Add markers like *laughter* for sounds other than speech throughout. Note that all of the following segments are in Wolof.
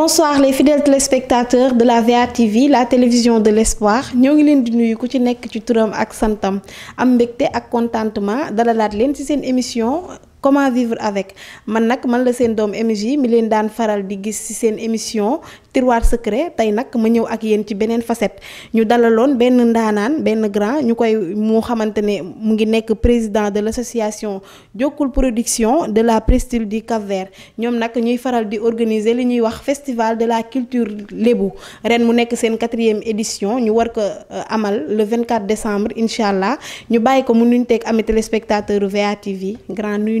bonsoir les fidèles téléspectateurs de la VA TV la télévision de l'espoir Nous ngi leen di nuyu ku ci nekk ci turam ak santam am mbégte ak contentement dalalaat leen ci émission comment vivre avec man nak man la seen dom MJ mi len dan faral di gis ci seen émission tiroir secret tay nak ma ñew ak yeen ci benen facette ñu dalalon ben ndaanaan ben grand ñu mo xamantene mu ngi nekk président de l'association jokul production de la presqu'île du Cap-Vert ñom nak ñuy faral di organiser li ñuy wax festival de la culture lébu ren mu nekk seen quatrième édition ñu war ko euh, amal le 24 décembre inshallah ñu bayiko mu ñu tek ami téléspectateur VA TV grand nuit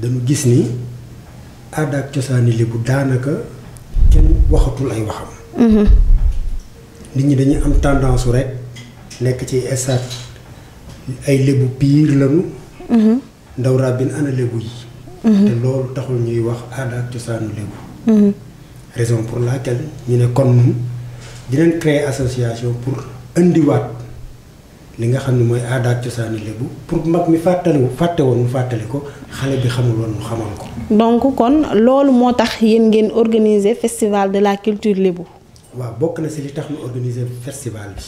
dañu gis ni aada cosaanu cosaani lébu daanaka kenn waxatul ay waxam. Mhm. nit ñi dañuy am tendance rek nekk ci estaat ay lébu piir lañu. Mhm. ndaw rabbin ana lébu yi. Mhm. te loolu taxul ñuy wax aada ak cosaanu lébu. raison pour laquelle ñu ne kon dinañ créer association pour indiwaat. li nga xam ne mooy aada ak cosaani lébu pour mag mi fàttaliwu fàtte woon mu fàttali ko xale bi xamul woon mu xamal ko. donc kon loolu moo tax yéen ngeen organiser festival de la culture lébu. waaw bokk na si li tax ñu organiser festival bi.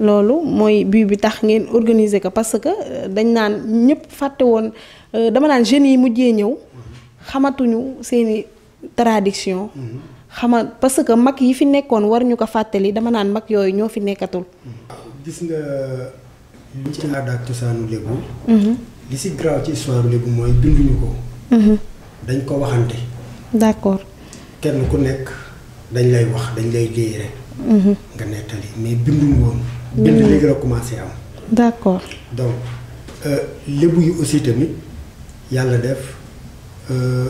loolu mooy bii bi tax ngeen organiser ko parce que euh, dañ naan ñëpp fàtte woon euh, dama naan jeunes yi mujjee ñëw. xamatuñu seeni tradition. Mhm. xama parce que mag yi fi nekkoon war ñu ko fàttali dama naan mag yooyu ñoo fi nekkatul. Mhm. gis nga li ci aada ak cosaanu hmm li ci graw ci histoire lébu mooy binduñu ko. Mhm. dañ ko waxante. d'accord kenn ku nek dañ lay wax dañ lay léegi rek. Mhm. nga netali mais binduñu woon. bind léegi la commencé am. d'accord donc euh, lébu yu aussi tamit yalla def. euh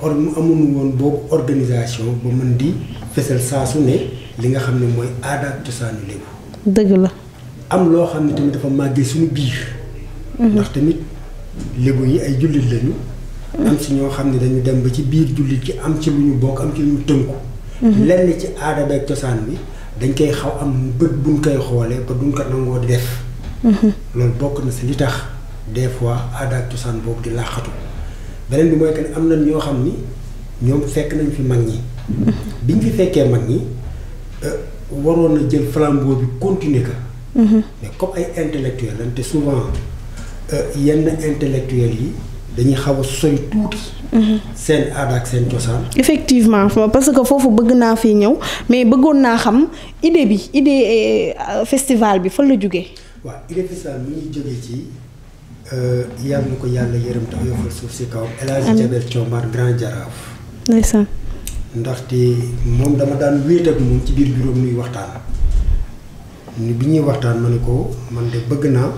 or mu amuñu woon boobu organisation ba mën di fessel saa su ne li nga xam moy mooy aada ak cosaanu lébu. la. am loo xam ne tamit dafa màggee suñu biir. Mhm. ndax tamit lébu yi ay jullit lañu. Mhm. am si ñoo xam ne dañu dem ba ci biir jullit ci am ci lu ñu bokk am ci lu ñu tënku. Mhm. lenn ci aada cosaan bi dañ koy xaw am bët buñ koy xoolee ba duñ ko nangoo def. loolu bokk na si li tax des fois aada ak cosaan boobu di laaxatu beneen bi mooy que am na ñoo xam ni ñoom fekk nañ fi mag ñi. biñ fi fekkee mag ñi euh, waroon na jël flambeau bi continuer ko. mais comme ay intellectuel lañ hein, te souvent euh, yenn intellectuel yi dañuy xaw a sori tuuti. seen aada ak seen cosaan. effectivement parce que foofu bëgg naa fi ñëw mais bëggoon naa xam idée bi idée euh, festival bi fan la jógee. waaw idée festival mi ngi jógee ci. Euh, yàlla na ko yàlla yërëm tax yofal suuf si kaw El Hadj Jabel Coomar Grand Jaraaf. ndeysaan. ndaxte moom dama daan wéet ak moom ci biir bureau nuy waxtaan. ni bi ñuy waxtaan ma ne ko man de bëgg naa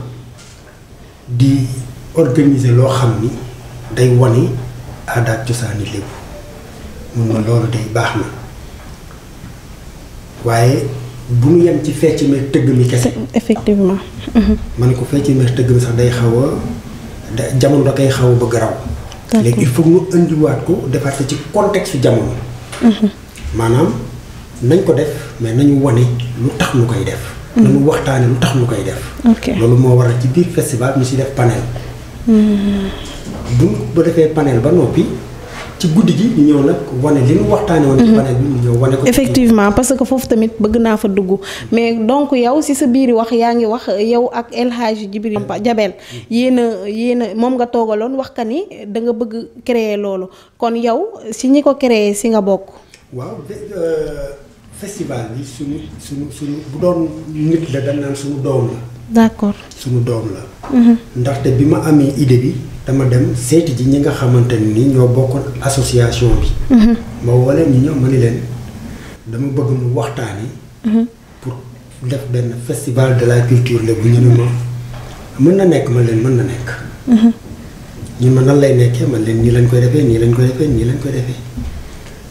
di organiser loo xam ni day wane aada ak cosaani mun ma loolu day baax na waaye bu ñu yem ci fecc meek tëgg mi kese. effectivement. *laughs* ma ne ko fecc meek tëgg mi sax day xaw a da jamono da koy xaw a bëgg raw. léegi il faut ñu indiwaat ko defaat ko ci contexte jamono. Mhm. maanaam nañ ko def mais nañu wane lu tax ñu koy def. lu waxtane lu tax lu koy def lolu mo wara ci bir festival ñu ci def panel bu ba defee panel ba nopi ci guddigi ñu ñew nak woné li ñu waxtane woné mhm. panel bi ñu ñew woné ko effectivement parce que fofu tamit bëgg na fa dugg mais donc yow ci sa biir wax yaa ngi wax yow ak El Hadj Jibril Jabel yena yena mom nga togalon wax kan ni da nga bëgg créer lolu kon yow si ñi ko créer si nga bok waaw euh, festival bi suñu suñu suñu bu doon nit la dañ naan suñu doom la. d'accord suñu doom la. Mhm. ndaxte bi ma amee idée bi dama dem seeti ji ñi nga xamante ni ñoo bokkoon association bi. Mhm. ma woo leen ñu ñëw ma ni leen dama bëgg mu waxtaanee. Mhm. pour def benn festival de la culture la bu ñu ne ma mën na nekk ma leen mën na nekk. ñu ma nan lay nekkee man leen nii lañ koy defee nii lañ koy defee nii lañ koy defee.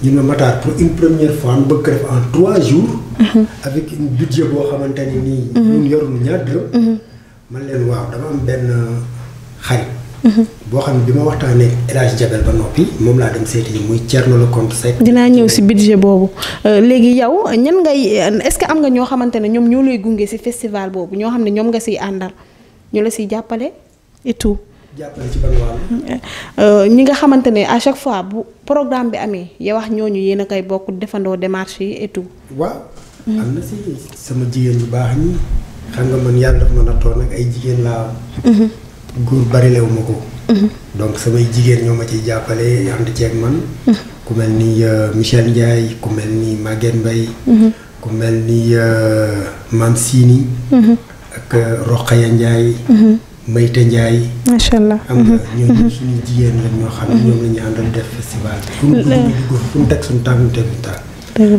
ñu ne Matar pour une première fois ñu bëgg ko def en trois jours. Mhm. avec une budget boo xamante ni nii. Mhm. ñun yorul ñaar dërëm. Mhm. man leen waaw dama am benn xarit. boo xam ne bi ma waxtaanee El Hadj Jabel ba noppi moom laa dem seeti muy Thierno Lecompte Seck. dinaa ñëw si budget boobu euh, léegi yow ñan ngay est-ce que am nga ñoo xamante ne ñoom ñoo lay gunge si festival boobu ñoo xam ne ñoom nga siy àndal ñu la siy jàppale et jàppale ci ban wàll. Euh, ñi nga xamante ne à chaque fois bu programme bi amee yow wax ñooñu yéen a koy bokk defandoo démarche yi et tout. waaw. Hmm. am na si sama jigéen bu baax ñi xam nga man yàlla dafa ma nattoo nag ay jigéen laa. Hmm. góor bari lew ma ko. Hmm. donc samay jigéen ñoo ma ciy jàppale ànd ceeg man. ku mel ni euh, Michel Ndiaye ku mel ni Maguette Mbaye. ku mel ni euh, Maam Sini. ak Rokhaya Ndiaye. Mayta Ndiaye. macha allah am nga mhm. ñooñu mhm. suñu jigéen la ñoo xam ne ñoom la ñu àndal def festival fu mu fu suñu tànk mu teg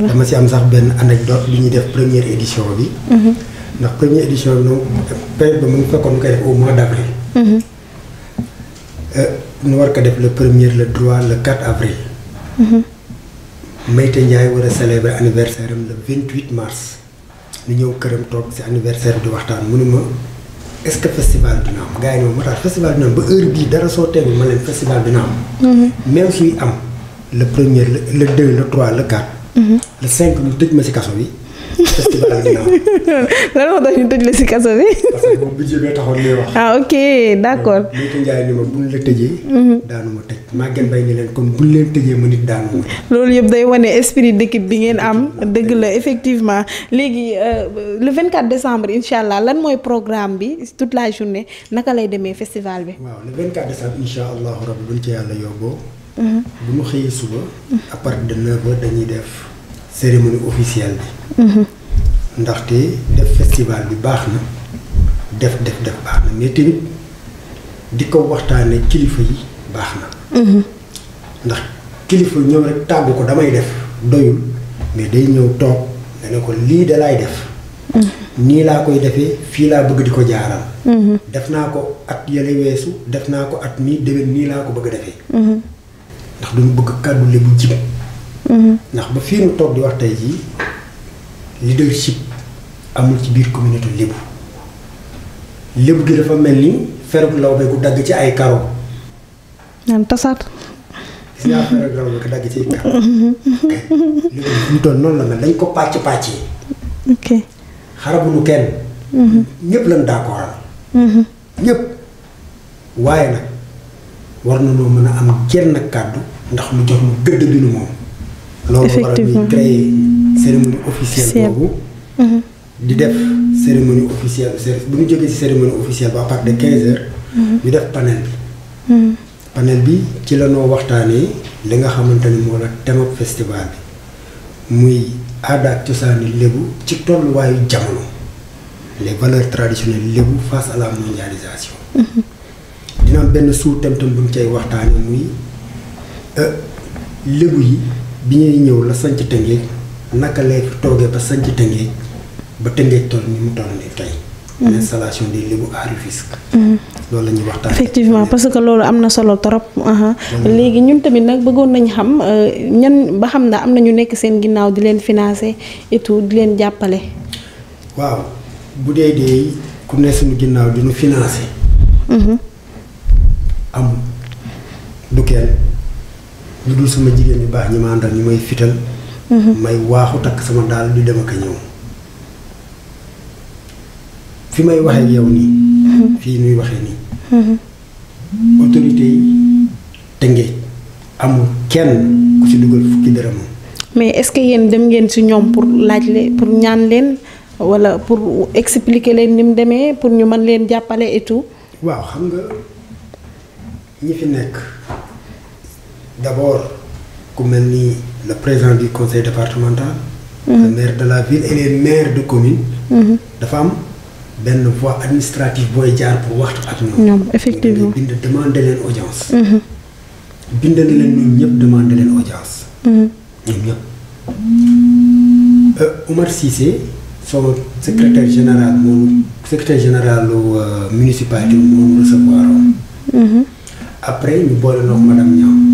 dama si am sax benn anecdote lu ñuy def première édition bi. Mhm. ndax première édition bi moom période ba mu ngi fekkoon ñu koy def au mois d' avril. Euh, ñu war ko def le premier le trois le quatre avril. Mayta Ndiaye war a célébrer anniversaire am le vingt huit mars. ñu ñëw këram toog si anniversaire di waxtaan mënuma. Est-ce que le festival de Nam, le festival de Nam, Urbi, le festival de Nam, mhm. même si le premier, le 2, le 3, le 4, le 5, mhm. le 2 messieurs. festival bi lan si kaso bi. parce que moom budget bee taxoon ñuy ah, mhm. loolu yëpp day wane esprit d'équipe bi ngeen am dëgg la effectivement léegi euh, le 24 décembre incha allah lan mooy programme bi toute la journée naka lay demee festival bi. waaw le 24 décembre incha allahu rabi buñ ci yàlla yóbboo. Mhm. bu mu xëyee suba. à de 9 dañuy def. cérémonie officielle bi. Mhm. té def festival bi baxna def def def baxna né mais tamit kilifa yi baxna mhm. ndax kilifa rek ko damay def doyul mais day ñew top, né ko li da def. Mhm. ni Nous koy fait le la bëgg diko jaaral. def at Nous def at ko bëgg a ndax duñu bëgg le bu ndax ba fii nu toog di wax tey jii leadership amul ci biir communauté lébu lébu gi dafa mel ni ferug lawbe gu dagg ci ay karo. naan tasaat. gis nga ferug lawbe gu dagg ci ay karo. lébu *laughs* gi mu toll noonu la mel dañ ko pàcc pàccee. ok xarabuñu mhm. lañ d'accord. Mhm. ñëpp waaye nag war na loo mën a am genn kàddu ndax lu jox mu gëdd bi nu moom. loolu waral ñu créé cérémonie officielle boobu mhm. di def cérémonie officielle bu ñu jógee ci cérémonie officielle ba à partir de 15 heures mhm. bi mhm. panel bi ci la waxtaanee li nga xamante ni moo la thème festival muy aada ak ci tolluwaayu jamono les valeurs traditionnelles lébu face à la mondialisation dina benn sous-thème tam bu ñu cay waxtaanee muy euh, lébu yi bi ñuy ñëw la sanc Tëngéej naka la toogee ba sanc Tëngéej ba Tëngéej toll ni mu mm-hmm. mm-hmm. loolu la ñuy waxtaan effectivement parce que loolu am na solo trop. Uh-huh. léegi ñun tamit nag bëggoon nañ xam uh, ñan ba xam na am na ñu nekk seen ginnaaw di leen financer et di leen jàppale. waaw bu dee dee ku ne suñu ginnaaw di ñu financer. Mm-hmm. du kenn. lu sama jigen yu bax ñi ma andal ñi may fital mhm. may waxu tak sama dal di dem ak ñew fi may waxe yow ni mhm. fi ñuy waxe ni mhm. autorité tengé amu kenn ku ci duggal fukki dërëmam mais est ce que yeen dem ngeen ci ñom pour laaj le pour ñaan leen wala pour expliquer leen nim démé pour ñu man leen jappalé et tout waaw xam nga ñi fi nekk d'abord comme le président du conseil départemental. le mhm. maire de la ville et les maires de commune. Mhm. dafa a une voie administrative pour voir pour waxtu ak ñoom. effectivement bind demande une audience. Mhm. audience. ñoom euh, Omar Oumar Cissé son secrétaire général mon secrétaire général euh, municipal, moom recevoir. après nous boole noog madame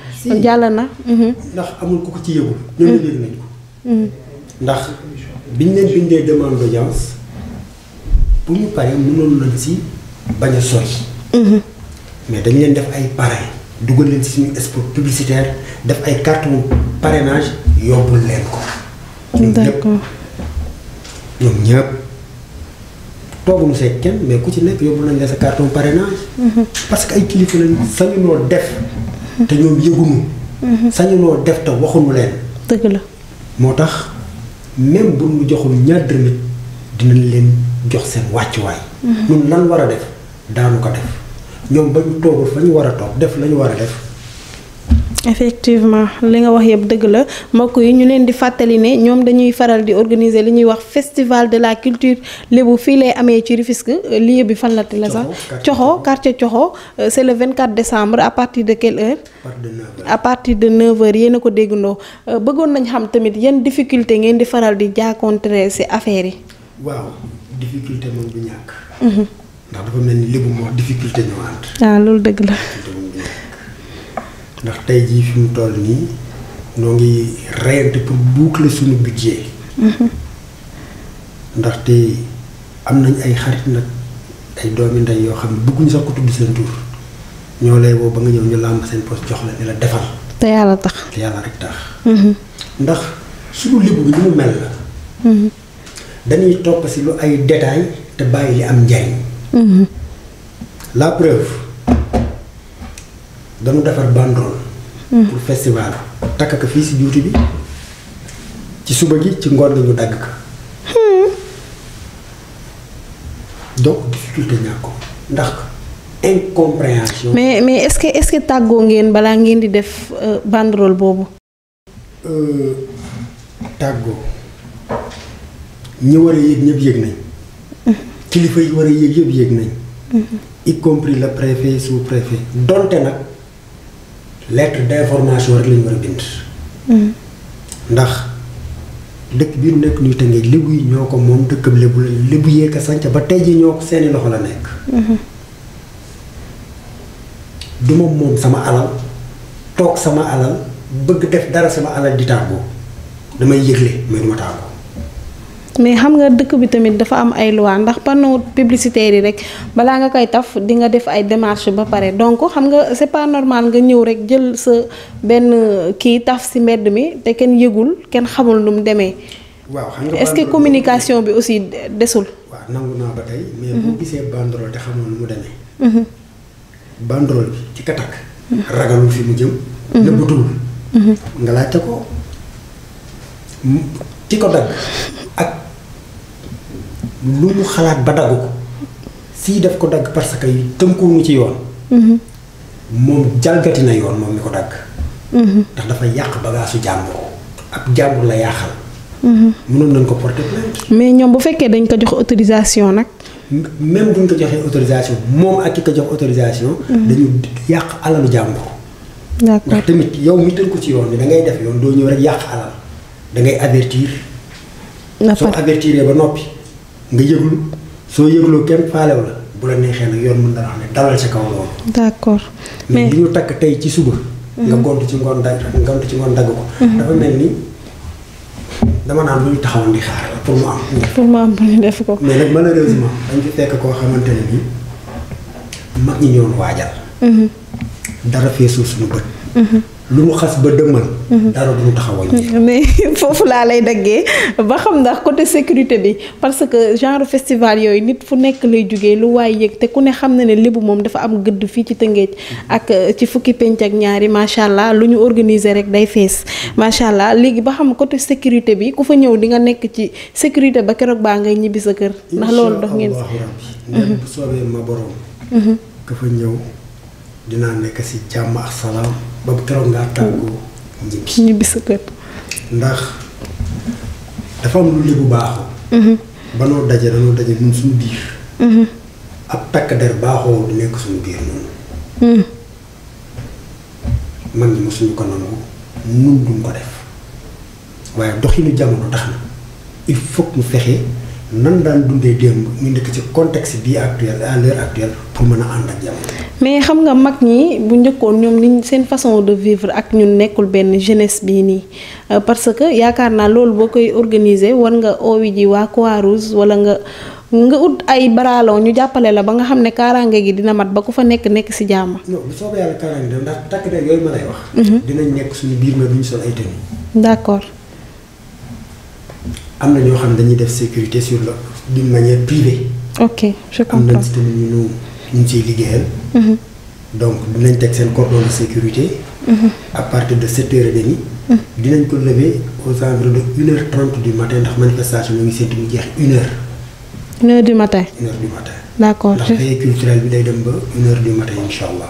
kon jàll na. Mhm. ndax amul ko ko ci yëgul. ñoom ñu yëg ndax biñ leen bindee demande d'audience bu ñu paree mënoon nañ si bañ a sori. Mhm. mais dañ leen def ay parrain dugal leen si suñu spot publicitaire def ay carte parenage yobbul leen ko. d'accord ñoom ñëpp tooguñu seet kenn mais ku ci nekk yóbbu nañ la sa carton parrainage. Mhm. parce que ay kilifa lañ sañu noo def. te ñoom yëguñu. Mhm. sañuloo def te waxuñu leen. dëgg la. moo tax même bu ñu joxul ñaar dërëm dinañ leen jox seen wàccuwaay. Mhm. ñun lan war a def daanu ko def ñoom ba ñu toogul fa ñu war a toog def lañu war a def. effectivement li nga wax yëpp deug la mbokk yi ñu leen di fatali ne ñom dañuy faral di organiser li ñuy wax festival de la culture lébu fii lay amee ci Rufisque lieu bi fan la té la sax coxo quartier coxo euh, c'est le 24 décembre à partir de quelle heure à partir de 9 h à partir de 9h a ko déggandoo euh, bëggon nañ xam tamit yan difficulté ngeen di faral di jàkkoonte ces affaires yi waaw difficulté mo bu ñak hmm ndax dafa melni lebu mo moo difficulté ñoo ànd waaw ah, loolu dëgg la ndax tay ji fi mu toll ni no ngi rent pour boucler suñu budget mm-hmm. ndaxte am nañ ay xarit nak ay doomi nday yo xam buguñ sax ko tuddu seen tour ñoo lay bo ba nga ñew ñu lamb seen poste jox la ni la defal te yàlla tax te yalla rek tax mm-hmm. ndax suñu libu bi ni mu mel la mm-hmm. dañuy top ci lu ay détail te bayyi li am njariñ la preuve dañu defar banderole. Hmm. pour festival takk ko fii si juuti bi ci suba gi ci ngoon gi ñu dagg ko. Hmm. donc difficulté ñàkk ndax incompréhension. mais mais est-ce que est-ce tàggoo ngeen balaa ngeen di def euh, banderole boobu. Euh, tàggoo ñi war a yëg ñëpp yëg nañ. Hmm. kilifa yi war a yëg yëpp yëg nañ. y compris le préfet sous donte nag. lettre d'information rek la ñu bind. Hmm. ndax dëkk bi nekk ñuy tënkee lébu ñoo ko moom dëkkam lébu la lébu ko sànc ba tey jii ñoo ko seeni loxo la nekk. Hmm. du ma moom sama alal toog sama alal bëgg def dara sama alal di tàggoo damay yëgle mais du ma mais xam nga dëkk bi tamit dafa am ay loi ndax panneau publicitaire yi rek balaa nga koy taf di nga def ay démarches ba pare donc xam nga c'est normal nga ñëw rek jël sa benn kii taf si mbedd mi te kenn yëgul kenn xamul nu mu demee. waaw ce que communication bi aussi desul. waaw nangu naa mhm. te mhm. ci katak. Mhm. ragalul fi mu jëm. nëbbatul. nga laajte ko. ci ko dagg ak lu mu xalaat ba dagg ko sii daf ko dagg parce que tëm tënkuwuñu ci yoon. Mhm. moom jalgati na yoon moom mi ko dagg. Mhm. ndax dafa yàq bagaasu jàmbur ab jàmbur la yàqal. Mhm. mënoon nañ ko porter mais ñoom bu fekkee dañ ko jox autorisation nag. même buñ ko joxee autorisation moom ak ki ko jox autorisation. dañu yàq alalu jàmbur. ndax tamit yow mi ko ci yoon bi da ngay def yoon doo ñëw rek yàq alal. da ngay avertir. na soo avertiree ba noppi nga yëglu soo yëgloo kenn faalew la bu la neexee nag yoon mën na wax ne dalal si kaw loolu. d'accord mais li ñu takk tey ci suba. Mhm. nga gont ci ngoon dagg gont ci ngoon dagg ko. Mhm. dafa mel ni dama naan lu ñu taxawoon di xaar la pour mu am. pour mu am ñu def ko. mais nag malheureusement dañ fi fekk koo xamante ne nii mag ñi ñëwoon waajal. Mhm. dara feesoo suñu bët. lu mu xas ba dëmmal. Mhm. dara mais *laughs* foofu laa lay daggee ba xam ndax côté sécurité bi parce que genre festival yooyu nit fu nekk lay jugee lu waay yëg te ku ne xam na ne lébu moom dafa am gëdd fii ci Tëngéej mhm. ak euh, ci fukki penc ñaari macha allah lu ñu organiser rek day fees mhm. macha allah léegi ba xam côté sécurité bi ku fa ñëw di nga nekk ci sécurité ba keroog baa ngay ñibbi sa kër. ndax loolu dox ngeen si. ma dina nek si jamm ak salaam ba nga tagu tàggoo hmm. ñibbi sa kër ndax dafa am mhm. mhm. mhm. lu lébu hmm ba noo daje danoo daje nun suñu hmm ab tak der baaxoo du nekk suñu biir man ma suñu ko nonu nun duñ ko def waye doxilu jamono tax na il faut mu fexé nan daan dundé démb ñu nek ci contexte bi actuel à l'heure actuelle pour mëna and ak jamono mais xam nga mag ñi bu ñëkkoon ñoom ni seen façon de vivre ak ñun nekkul benn jeunesse bii nii euh, parce que yaakaar naa loolu boo koy organiser war nga oowi ji waa Croix-Rouge wala nga nga ut ay baraaloo ñu jàppale la ba nga xam ne kaaraange gi dina mat ba ku fa nekk nekk si jàmm. non bu soobee yàlla kaaraange dem ndax takk der yooyu ma lay wax. Mhm. dinañ nekk suñu biir mais duñ sol ay tenue. d'accord. am na ñoo xam ne dañuy def sécurité sur la d'une manière privée. ok je comprends am na ci tamit ñu ñu ñu ciy liggéeyal. Mhm. donc dinañ teg seen cordon de sécurité. Mhm. à partir de sept heures et demie. Mhm. dinañ ko lever aux environs de une heure trente du matin ndax manifestation ñu ngi séntu mu jeex une heure. une heure du matin. une heure du matin. d' accord ndax veillée culturelle bi day dem ba une heure du matin incha allah.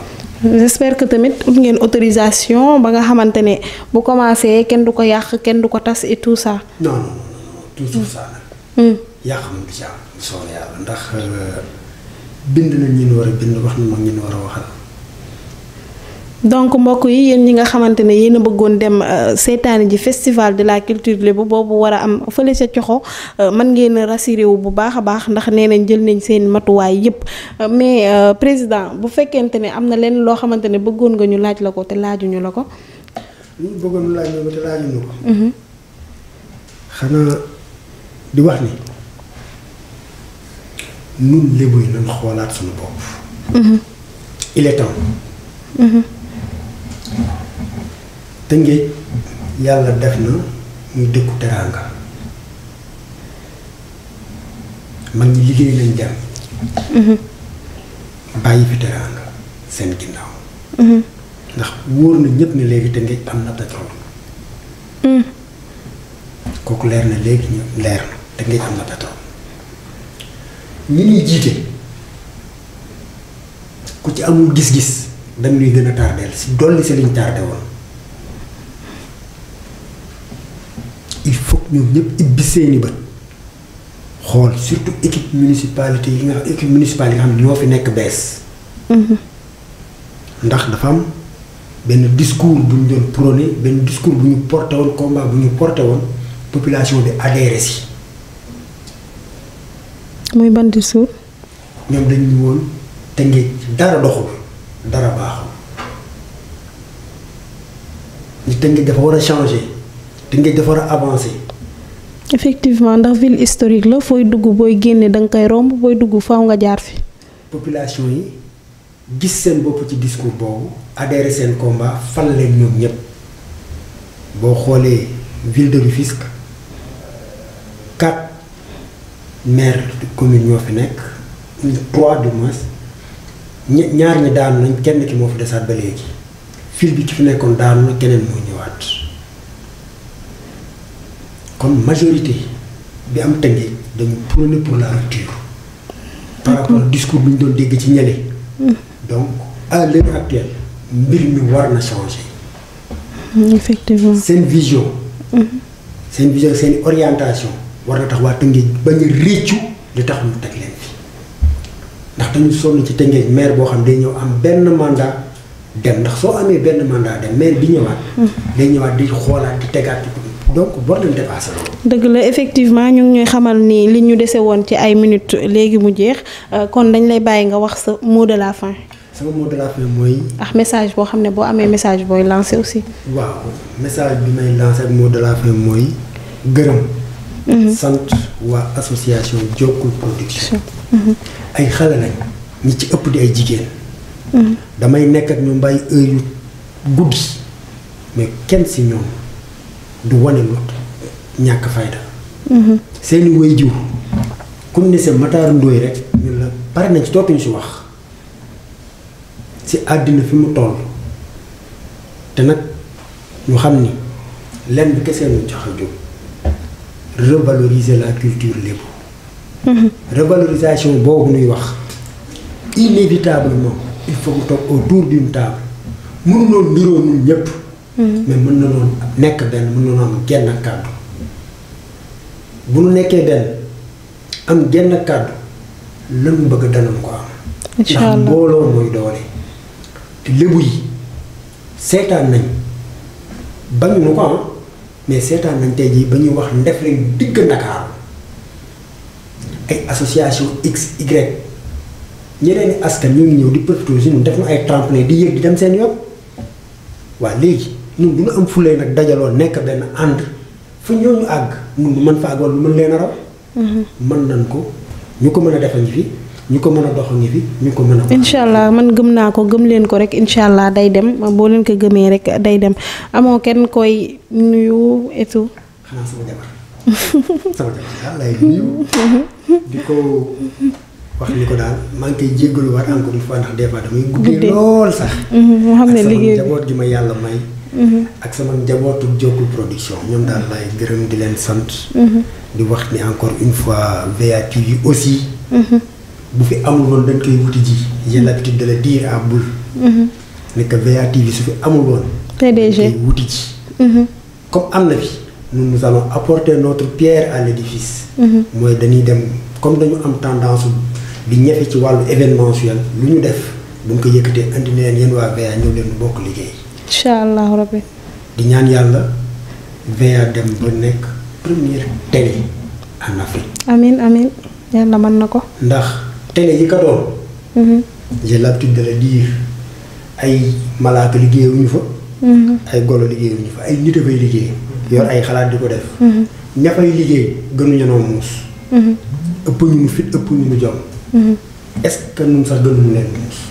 j' espère que tamit ut ngeen autorisation ba nga xamante ne bu commencé kenn du ko yàq kenn du ko tas et tout ça. non non non tout ça nag. yàq moom du ci am soxla yàlla ndax. Euh, bind nañ ñun war a bind wax na moom ñun war a waxal. donc mbokk yi yéen ñi nga xamante ne yéen a bëggoon dem euh, seetaani ji festival de la culture lébu boobu war a am fële ca coxo euh, man ngeen a wu bu baax a baax ndax nee nañ jël nañ seen matuwaay yépp euh, mais président bu fekkente ne am na leen loo xamante ne bëggoon nga ñu laaj la ko te laajuñu la ko. ñu laaj la ko te laajuñu ko. Mhm. xanaa di wax ni. nun lébu yi xoolaat suñu bopp. Mm-hmm. il est temps. Mm-hmm. yàlla def na muy dëkku teraanga mag ñi liggéey lañ dem. Mm-hmm. bàyyi fi teraanga seen ginnaaw. ndax wóor na ñëpp ne léegi Tëngéej am na pétrole. kooku leer na léegi ñu leer na Tëngéej am na pétrole. ñi ñuy jiite ku ci amul gis-gis dañ ñuy gën a tardeel si dolli si liñ tardé woon il faut ñoom ñëpp ibbi seeni bët xool surtout équipe municipalité yi nga xam équipe municipale yi nga xam ne ñoo fi nekk bees. Mhm. ndax dafa am benn discours bu ñu doon prôné benn discours bu ñu porté woon combat bu ñu porté woon population bi adhéré si. muy ban di suur ñoom dañu ñu woon te ngeej dara doxul dara baaxul ñu te ngeej dafa wara changer te ngeej dafa wara avancer. effectivement ndax ville historique la foy dugg boy génné dang kay romb boy dugg faaw nga jaar fi. population yi gis seen bopp ci discours boobu adhéré seen combat fal leen ñoom ñëpp boo xoolee ville de Rufisque quatre maire de commune ñoo fi nekk trois de moins ñaar ñi daanu nañ kenn ki moo fi desaat ba léegi fil bi ci fi nekkoon daanu na keneen moo ñëwaat kon majorité bi am tënge dañu prôné pour la rupture par rapport au discours bi ñu doon dégg ci ñële donc à l'heure actuelle mbir mi war na changer effectivement seen vision mm-hmm. seen vision seen orientation war na tax waa Tëngéej bañ a réccu li tax ñu teg leen fi ndax dañu sonn ci Tëngéej maire boo xam ne day ñëw am benn mandat dem ndax soo amee benn mandat dem maire bi ñëwaat. Mm-hmm. day ñëwaat di xoolaat di tegaat donc war nañ dépasser loolu. dëgg la effectivement ñu ngi ñuy xamal nii li ñu dese woon ci ay minutes léegi mu jeex euh, kon dañ lay bàyyi nga wax sa mot de la fin. sama mot de la fin mooy. ah message boo xam ne boo amee message booy lancer aussi. waaw message bi may lancer ak mot la mooy gërëm. Mhm. sant waa association Jokkul production. Mhm. ay xale lañ ñi ci ëpp di ay jigéen. Mhm. damay nekk ak ñoom bàyyi yu guddi mais kenn si ñoom du wane lu ñàkk fayda. seeni way jiw ku ne sa Matar Ndoye rek ñun la pare nañ ci topp ñu si wax si àddina fi mu toll te nag ñu xam ni lenn kese ñu jox a jóg. revaloriser la culture lébu. Mhm. revalorisation boobu nuy wax inévitablement il faut mu toog autour d'une table mënuloon niroo ñun ñëpp. Mhm. mais mën na noonu nekk benn mën na noonu genn kàddu bu nu nekkee benn am genn kàddu lan bëgg danañ ko am. incha allah ndax mbooloo mooy doole te lébu yi seetaan nañ bañu nu ko am. mais seetaan nañ tey jii ba ñuy wax Ndefleng digg Ndakaaru ay association x y ñeneen askan ñu ngi ñëw di profité si ñun def na ay tremplin di yéeg di dem seen yoon waaw léegi ñun du ñu am fulee nag dajaloo nekk benn ànd fu ñooñu àgg mun mën fa àgg wala mën leen a raw. Mm-hmm. mën nañ ko ñu ko mën a defal ñu ñu ko mën a dox ngi fi ñu ko mën a incha allah man gëm naa ko gëm leen ko rek incha allah day dem boo leen ko gëmee rek day dem amoo kenn koy nuyu et tout xanaa sama jabar *laughs* sama jabar lay nuyu di ko wax ni ko daal maa ngi koy jéggalu war encore une fois ndax des damay guddee lool sax mhm, mu xam liggéey njaboot gi ma yàlla may mhm. ak sama njabootu jokul production ñoom daal lay gërëm di leen sant mhm. di wax ni encore une fois VA aussi bu fi amul woon dañ koy wuti ji j'ai l'habitude de la dire à Boul mhm. ne que VA TV su fi amul woon PDG wuti ji mhm. comme am na fi nous allons apporter notre pierre à l'édifice mhm. mooy dañuy dem comme dañu am tendance di ñefe ci wàllu événementiel lu ñu def bu ñu ko yëkkatee andi ne leen yéen waa VA ñëw leen bokk liggéey incha allahu rabbi di ñaan yàlla VA dem ba nekk première télé en Afrique amin amin yàlla mën na ko ndax télé yi ka doon. Mhm. j'ai l'habitude de ay malaaka liggéeyuñu fa. Mhm. ay golo liggéeyuñu fa ay nit a fay liggéey. yor ay xalaat di ko def. Mhm. ña fay liggéey gënuñu noo muus. ëpp ñu mu fit ëpp ñu mu jom. est-ce sax gënuñu leen muus.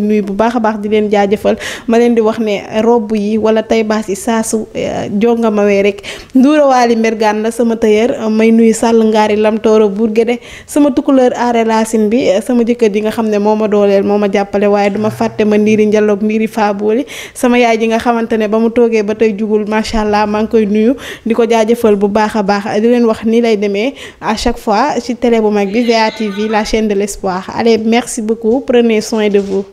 di nuyu bu baax a baax di leen jaajëfal ma leen di wax ne robb yi wala tay baas yi saasu eh, jongamawee rek nduura waali mbergaan la sama tëyër may nuyu sàll ngaari lamtooro buur géde sama tukkuleur aare laasin bi eh, sama jëkkër ji nga xam ne moo ma dooleel moo ma jàppale waaye duma fàtte ma ndiiri njaloog mbiiri faabooli sama yaay ji nga xamante ne ba mu toogee ba tey jugul macha allah maa ngi koy nuyu di ko jaajëfal bu baax a baax di leen wax ni lay demee à chaque fois ci télé bu mag bi VA TV la chaîne de l'espoir allez merci beaucoup prenez soin de vous